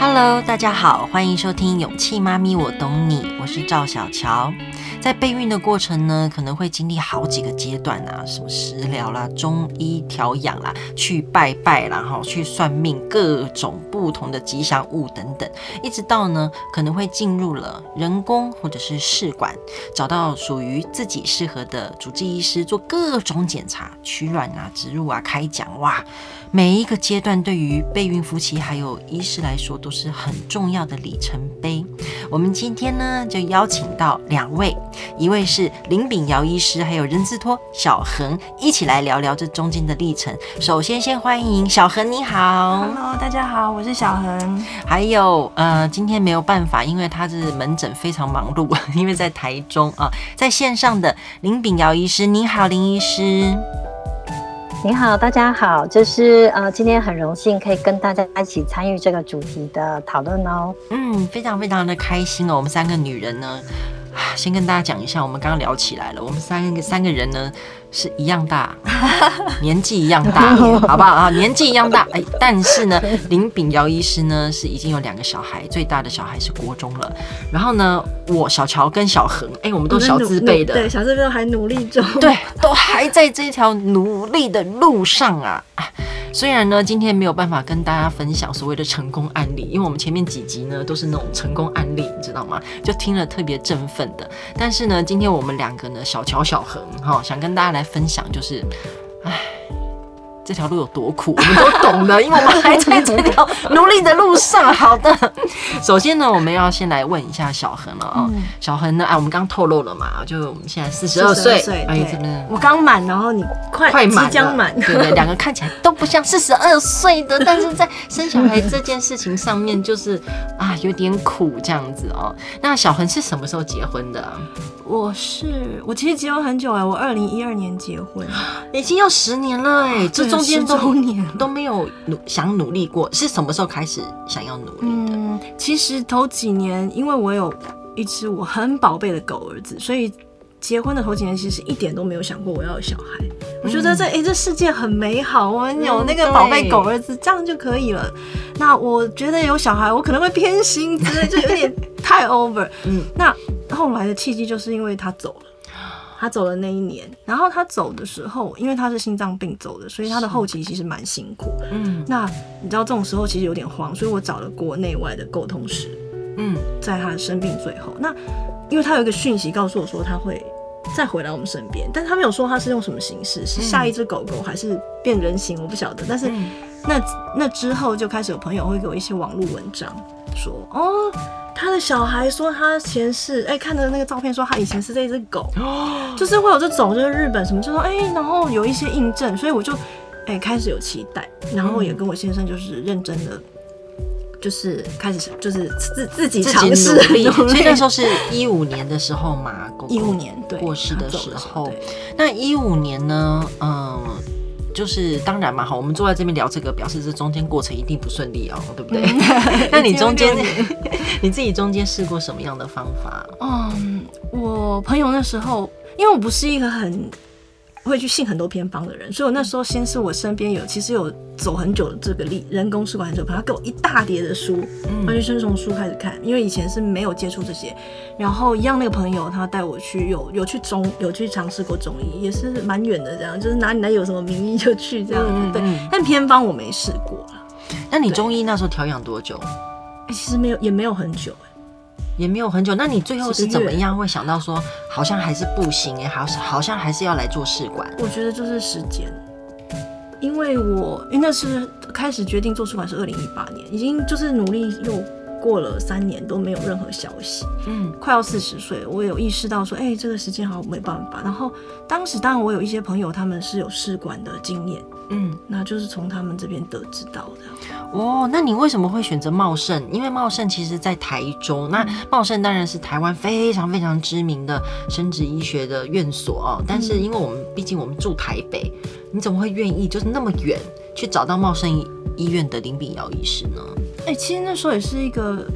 Hello，大家好，歡迎收聽《勇氣媽咪，我懂你》，我是趙小喬。在備孕的過程呢，可能會經歷好幾個階段啊，什麼食療啦、中醫調養啦、去拜拜啦、哈、去算命、各種不同的吉祥物等等，一直到呢，可能會進入了人工或者是試管，找到屬於自己適合的主治醫師，做各種檢查、取卵啊、植入啊、開獎哇。每一個階段對於備孕夫妻還有醫師來說都是很重要的里程碑。我們今天呢就邀請到兩位，一位是林炳堯醫師，還有人字拖小姮，一起來聊聊這中間的歷程。首先先歡迎小姮，你好。Hello，大家好，我是小姮。還有呃，今天沒有辦法，因為他是門診非常忙碌，因為在台中啊、呃，在線上的林炳堯醫師，你好，林醫師。你好，大家好，就是呃，今天很榮幸可以跟大家一起參與這個主題的討論哦。嗯，非常非常的開心哦，我們三個女人呢。先跟大家講一下，我們剛剛聊起來了。我們三個三個人呢，是一樣大， 年紀一樣大， 好不好啊？年紀一樣大，哎、欸，但是呢，林炳堯醫師呢是已經有兩個小孩，最大的小孩是國中了。然後呢，我小僑跟小姮，哎、欸，我們都小字輩的，對，小字輩都還努力中，對，都還在這條努力的路上啊。啊雖然呢，今天沒有辦法跟大家分享所謂的成功案例，因為我們前面幾集呢都是那種成功案例，你知道嗎？就聽了特別振奮的。但是呢，今天我們兩個呢，小僑小姮哈，想跟大家來分享，就是，唉。這條路有多苦，我們都懂的，因為我們還在這條努力的路上。好的， 首先呢，我們要先來問一下小姮了啊、喔。小姮呢，啊，我們剛透露了嘛，就我們現在四十二歲，歲哎，怎麼樣？我剛滿，然後你快快滿，即將滿，對對，兩個看起來都不像四十二歲的， 但是在生小孩這件事情上面，就是啊有點苦這樣子哦、喔。那小姮是什麼時候結婚的？我是我其實結婚很久哎，我二零一二年結婚，已經要十年了哎、欸，啊啊、這都。十週年都，都沒有努想努力過，是什麼時候開始想要努力的？嗯，其實頭幾年，因為我有一隻我很寶貝的狗兒子，所以結婚的頭幾年其實一點都沒有想過我要有小孩。嗯，我覺得這哎，欸，這世界很美好，我們有那個寶貝狗兒子對這樣就可以了。那我覺得有小孩，我可能會偏心之類，就有點太 over。嗯，那後來的契機就是因為他走了。他走了那一年，然後他走的時候，因為他是心臟病走的，所以他的後期其實蠻辛苦的。嗯，那你知道這種時候其實有點慌，所以我找了國內外的溝通師。嗯，在他的生病最後，那因為他有一個訊息告訴我說他會再回來我們身邊，但他沒有說他是用什麼形式，是下一隻狗狗還是變人形，我不曉得。但是。那那之後就開始有朋友會給我一些網絡文章說，說哦，他的小孩說他前世，哎、欸，看的那個照片說他以前是這隻狗，哦，就是會有這種就是日本什麼就說哎、欸，然後有一些印證，所以我就哎、欸，開始有期待，然後也跟我先生就是認真的，就是開始就是自自己嘗試努力。所以那時候是一五年的時候嘛，一五年對過世的時候，時候那一五年呢，嗯、呃。就是當然嘛，好，我們坐在這邊聊這個，表示這中間過程一定不順利哦，對不對？ 那你中間 你自己中間試過什麼樣的方法？嗯，um, 我朋友那時候，因為我不是一個很。會去信很多偏方的人，所以我那時候先是我身邊有，其實有走很久的這個例、人工試管很久，朋友給我一大疊的書，完、嗯、就先從書開始看，因為以前是沒有接觸這些。然後一樣那個朋友他帶我去，有有去中，有去嘗試過中醫，也是蠻遠的這樣，就是哪裡哪有什麼名醫就去這樣子。嗯嗯對，但偏方我沒試過了。那你中醫那時候調養多久？欸、其實沒有，也沒有很久。也沒有很久，那你最後是怎麼樣會想到說，月好像還是不行哎，好，好像還是要來做試管？我覺得就是時間，因為我因為那時開始決定做試管是二零一八年，已經就是努力又。過了三年都沒有任何消息，嗯，快要四十歲，我也有意識到說，哎、欸，這個時間好沒辦法。然後當時，當然我有一些朋友，他們是有試管的經驗，嗯，那就是從他們這邊得知到的。哦，那你為什麼會選擇茂盛？因為茂盛其實在台中，那茂盛當然是台灣非常非常知名的生殖醫學的院所哦，但是因為我們畢、嗯、竟我們住台北，你怎麼會願意就是那麼遠去找到茂盛醫院的林炳堯醫師呢？哎、欸，其實那時候也是一個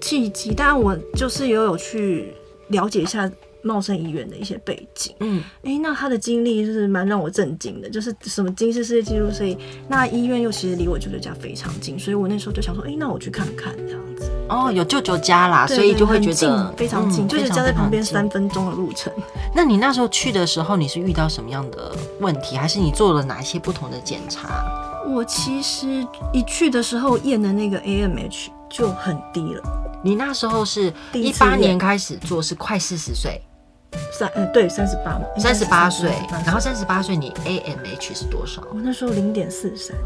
契機，但我就是也有，有去了解一下茂盛醫院的一些背景。嗯，哎、欸，那他的經歷就是蠻讓我震驚的，就是什麼金氏世界紀錄，所以那醫院又其實離我舅舅家非常近，所以我那時候就想說，哎、欸，那我去看看這樣子。哦，有舅舅家啦，對對對，所以就會覺得非常近，就是家在旁邊三分鐘的路程。那你那時候去的時候，你是遇到什麼樣的問題，還是你做了哪些不同的檢查？我其實一去的時候驗的那個 AMH 就很低了。你那時候是一八年開始做，是快四十歲，三、欸、對三十八嘛，三十八歲。然後三十八歲你 AMH 是多少？我那時候零點四三，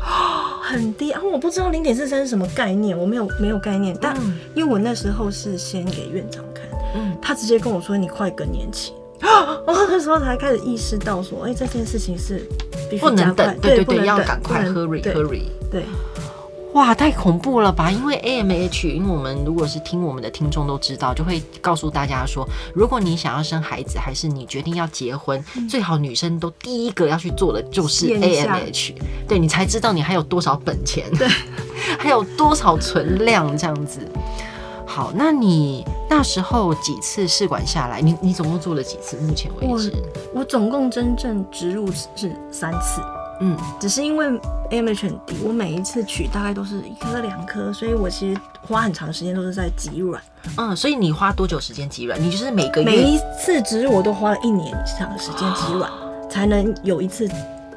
很低。然後、啊、我不知道零點四三是什麼概念，我沒有沒有概念。但因為我那時候是先給院長看，嗯，他直接跟我說，你快更年期、啊，我那時候才開始意識到說，哎、欸，這件事情是。不能等，對對對，要趕快 hurry, 對，hurry hurry。對，哇，太恐怖了吧？因為 AMH，因為我們如果是聽我們的聽眾都知道，就會告訴大家說，如果你想要生孩子，還是你決定要結婚，嗯、最好女生都第一個要去做的就是 AMH，對你才知道你還有多少本錢，對還有多少存量這樣子。好，那你那時候幾次試管下來？你你總共做了幾次？目前為止我，我總共真正植入是三次，嗯，只是因為 AMH 較低，D, 我每一次取大概都是一顆兩顆，所以我其實花很長時間都是在集卵，嗯，所以你花多久時間集卵？你就是每個月，每一次植入我都花了一年以上的時間集卵，哦、才能有一次。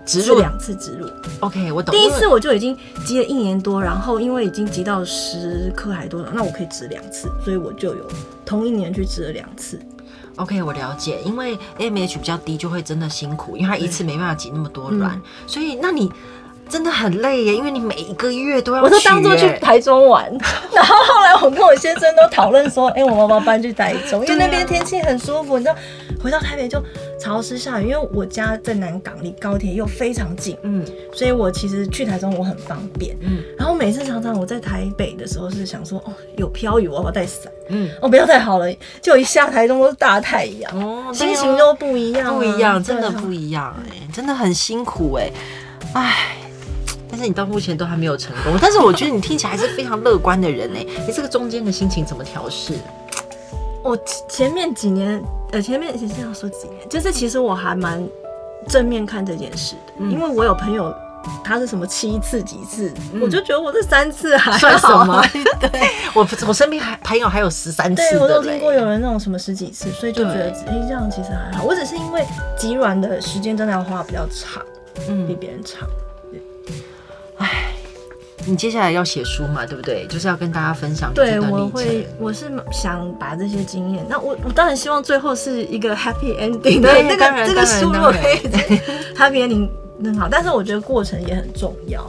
植入兩次，植入。植入 OK，我懂。第一次我就已經擠了一年多，嗯、然後因為已經擠到十顆還多了，那我可以植兩次，所以我就有同一年去植了兩次。OK，我了解，因為 AMH 比較低，就會真的辛苦，因為它一次沒辦法擠那麼多卵，嗯、所以那你真的很累耶，因為你每一個月都要、欸，我都當做去台中玩。 然後後來我跟我先生都討論說，哎、 欸，我媽媽搬去台中，因為那邊天氣很舒服，你知道，回到台北就。潮濕下雨，因為我家在南港，離高鐵又非常近，嗯，所以我其實去台中我很方便，嗯，然後每次常常我在台北的時候是想說，哦，有飄雨，我要帶傘，嗯，哦，不要太好了，就一下台中都是大太陽，哦，心情都不一樣、啊，不一樣，對真的不一樣、欸，哎，真的很辛苦、欸，哎，哎，但是你到目前都還沒有成功， 但是我覺得你聽起來是非常樂觀的人、欸，你這個中間的心情怎麼調適？我前面幾年，呃，前面先這樣說幾年，就是其實我還蠻正面看這件事的，因為我有朋友，他是什麼七次、幾次，嗯、我就覺得我這三次還好算什麼？對， 對我我身邊還朋友還有十三次，我都聽過有人那種什麼十幾次，所以就覺得對、欸、這樣其實還好。我只是因為集卵的時間真的要花比較長，嗯、比別人長。你接下來要寫書嘛，對不對？就是要跟大家分享這。對，我會，我是想把這些經驗。那我我當然希望最後是一個 happy ending，對， 那個當然這個書然我可以 happy ending 很好，但是我覺得過程也很重要。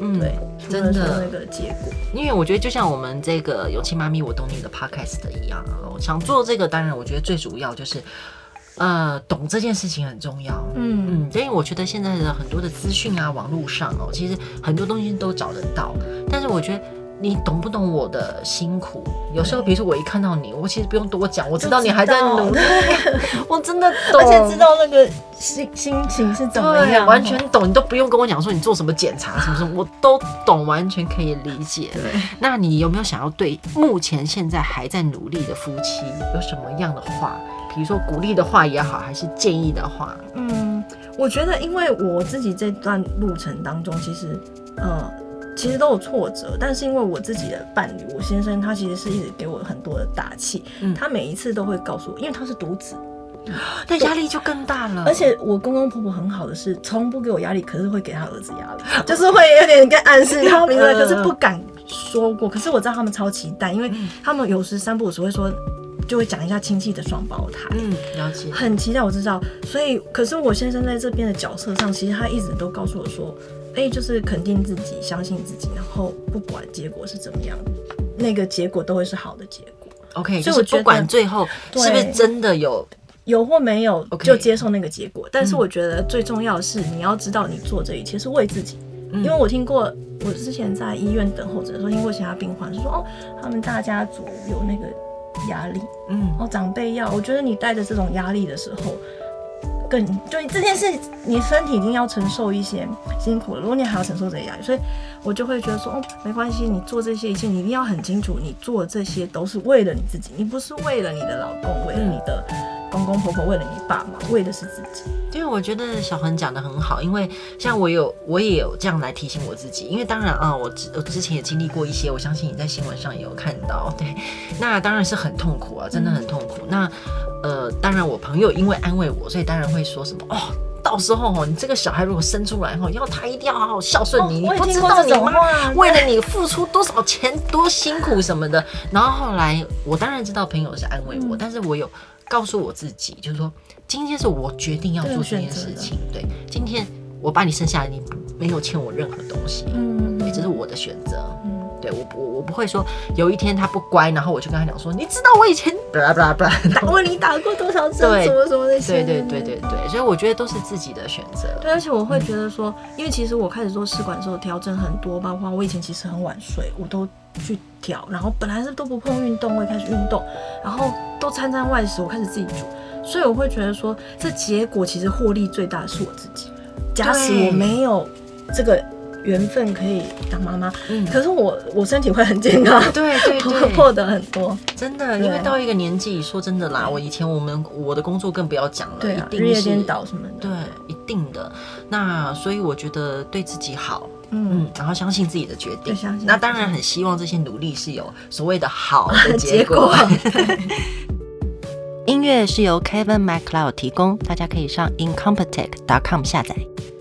嗯，對，真的那個結果，因為我覺得就像我們這個《勇氣媽咪，我懂你的》podcast 的一樣，嗯、想做這個，當然我覺得最主要就是。呃，懂這件事情很重要。嗯嗯，因為我覺得現在的很多的資訊啊，網絡上哦、喔，其實很多東西都找得到。但是我覺得你懂不懂我的辛苦？嗯、有時候，比如說我一看到你，我其實不用多講，我知道你還在努力， 我真的懂，而且知道那個心 心情是怎麼樣，完全懂。你都不用跟我講說你做什麼檢查什麼什麼， 我都懂，完全可以理解。對那你有沒有想要對目前現在還在努力的夫妻有什麼樣的話？比如說鼓勵的話也好，還是建議的話，嗯，我覺得因為我自己這段路程當中，其實，呃、嗯，其實都有挫折，但是因為我自己的伴侶，我先生，他其實是一直給我很多的打氣，嗯、他每一次都會告訴我，因為他是獨子，那壓、嗯、以力就更大了。而且我公公婆婆很好的是，從不給我壓力，可是會給他兒子壓力， 就是會有點跟暗示他，他們字，可是不敢說過。可是我知道他們超期待，因為他們有時三不五時會說。就會講一下親戚的雙胞胎，嗯，很期待我知道，所以可是我先生在這邊的角色上，其實他一直都告訴我說：“哎、欸，就是肯定自己，相信自己，然後不管結果是怎麼樣，那個結果都會是好的結果。” OK，所以我覺得不管最後是不是真的有有或沒有，就接受那個結果。Okay, 但是我覺得最重要的是，你要知道你做這一切是為自己，嗯、因為我聽過我之前在醫院等候者說，聽過其他病患就說：“哦，他們大家族有那個。”壓力，嗯，哦，長輩要，我覺得你帶着這種壓力的時候，更就這件事，你身體一定要承受一些辛苦，如果你還要承受這些壓力，所以我就會覺得說，哦，沒關係，你做這些一切，你一定要很清楚，你做這些都是為了你自己，你不是為了你的老公，為了你的。公公婆婆為了你爸媽，為的是自己。因為我覺得小姮講得很好，因為像我有，我也有這樣來提醒我自己。因為當然，啊，我我之前也經歷過一些，我相信你在新聞上也有看到，對。那當然是很痛苦啊，真的很痛苦。嗯、那呃，當然我朋友因為安慰我，所以當然會說什麼哦，到時候哦，你這個小孩如果生出來後，要他一定要好好孝順你，哦、我你不知道你媽為了你付出多少錢，對多辛苦什麼的。然後後來我當然知道朋友是安慰我，嗯、但是我有。告訴我自己，就是說，今天是我決定要做這件事情。對，對，今天我把你生下來，你沒有欠我任何東西。嗯，這是我的選擇。嗯，對我，我不我不會說，有一天他不乖，然後我就跟他講說，你知道我以前打過你打過多少次，什麼什麼那些。對對對對對，所以我覺得都是自己的選擇。對，而且我會覺得說，嗯，因為其實我開始做試管的時候調整很多，包括我以前其實很晚睡，我都。去挑，然後本來是都不碰運動，我開始運動，然後都餐餐外食，我開始自己煮，所以我會覺得說，這結果其實獲利最大的是我自己。假使我沒有這個緣分可以當媽媽，嗯對，可是我我身體會很健康，對，對，對，會獲得很多。真的，對因為到一個年紀，說真的啦，我以前我們我的工作更不要講了，對、啊，日夜顛倒什麼的，對，一定的。那所以我覺得對自己好。嗯，然後相信自己的決定，相信，那當然很希望這些努力是有所謂的好的結果。音樂是由 Kevin MacLeod 提供，大家可以上 incompetech.com 下載。